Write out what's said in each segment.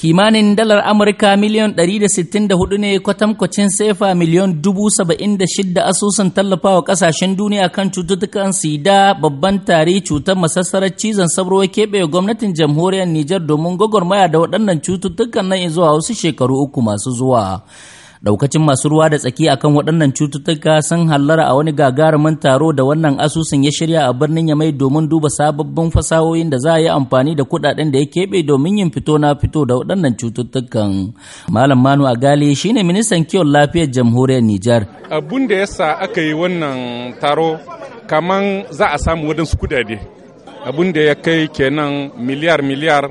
kimanin dalar Amurka miliyon hudu ne kwatankwacin sefa miliyon shida asusun tallafawa kasashen duniya kan cututtukan sida babban tari cutar masassarar cizon sauro keɓe gwamnatin jamhuriyar Nijar domin gwagwarmaya da waɗannan cututtukan nan zuwa wasu shekaru uku masu zuwa. Daukacin masu ruwa da tsaki akan waɗannan cututtuka sun hallara a wani gagarumin taro da wannan asusun ya shirya a birnin ya mai domin duba sababbin fasahohin da za a yi amfani da kuɗaɗen da ya keɓe domin yin fito na fito da waɗannan cututtukan. Malam Manu Agali shine ministan kiwon lafiyar jamhuriyar Nijar. Abun da yasa aka yi wannan taro kaman za a samu waɗansu kuɗaɗe. Abun da ya kai kenan miliyar miliyar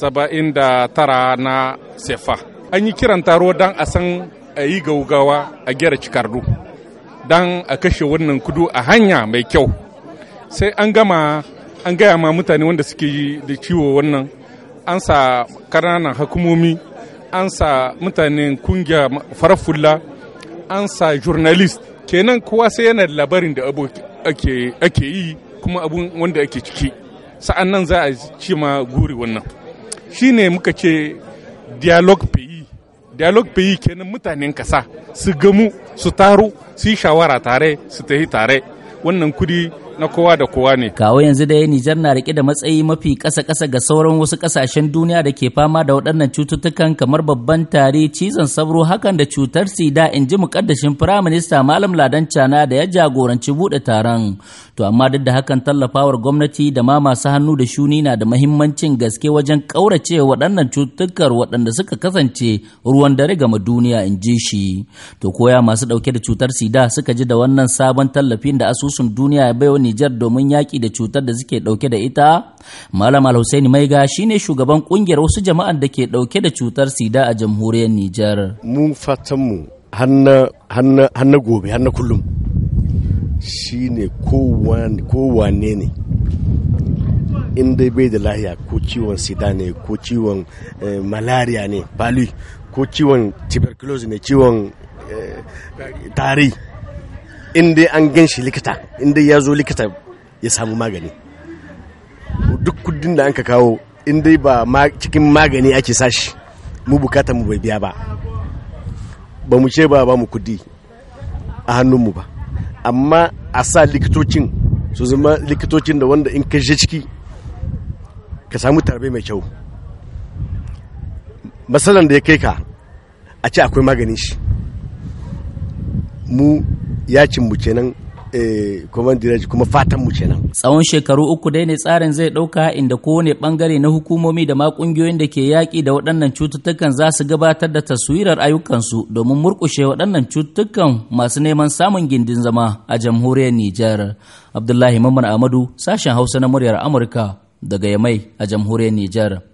saba'in da tara na sefa. an yi kiran taro don a san a yi gaugawa a gyara cikardu don a kashe wannan kudu a hanya mai kyau sai an gama an gaya ma mutane wanda suke da ciwo wannan an sa ƙananan hukumomi an sa mutanen kungiya farafulla an sa journalist kenan kowa sai yana labarin da abu ake yi kuma abu wanda ake ciki sa'an nan za a ci ma guri wannan shi ne muka ce dialogue dialogue pays kenan mutanen kasa su gamu su taru su yi shawara tare su tafi tare wannan kudi na kowa da kowa ne. Kawo yanzu dai Nijar na rike da matsayi mafi ƙasa-ƙasa ga sauran wasu ƙasashen duniya da ke fama da waɗannan cututtukan kamar babban tari, cizon sauro, hakan da cutar sida in ji mukaddashin Firaminista Malam Ladan Cana da ya jagoranci buɗe taron. To amma duk da hakan tallafawar gwamnati da ma masu hannu da shuni na da mahimmancin gaske wajen ƙaurace waɗannan cututtukan waɗanda suka kasance ruwan dare gama duniya in ji shi. To koya masu ɗauke da cutar sida suka ji da wannan sabon tallafin da asusun duniya ya baiwa Nijar domin yaƙi da cutar da suke ɗauke da ita? Malam Al-Husaini Maiga ne shugaban ƙungiyar wasu jama'an da ke ɗauke da cutar sida a jamhuriyar Nijar. Mun fatanmu hannu gobe hannu kullum shi ne kowane ne in dai bai da lahiya ko ciwon sida ne ko ciwon eh, malaria ne bali ko ciwon tuberculosis ne ciwon eh, tari in an gan shi likita in ya zo likita ya samu magani duk kudin da an ka kawo in dai ba cikin magani ake sashi mu bukata mu bai biya ba ba mu ce ba ba mu kudi a hannunmu ba amma a sa likitocin su zama likitocin da wanda in ka je ciki ka samu tarbe mai kyau matsalan da ya kai ka a ce akwai maganin shi mu yacin mu kenan eh, kuma direji kuma fatan mu kenan. Tsawon shekaru uku dai ne tsarin zai ɗauka inda kowane bangare na hukumomi da ma ƙungiyoyin da ke yaki da waɗannan cututtukan za su gabatar da taswirar ayyukansu domin murƙushe waɗannan cututtukan masu neman samun gindin zama a jamhuriyar Nijar. Abdullahi Mamman Amadu, sashen Hausa na muryar Amurka daga Yamai a jamhuriyar Nijar.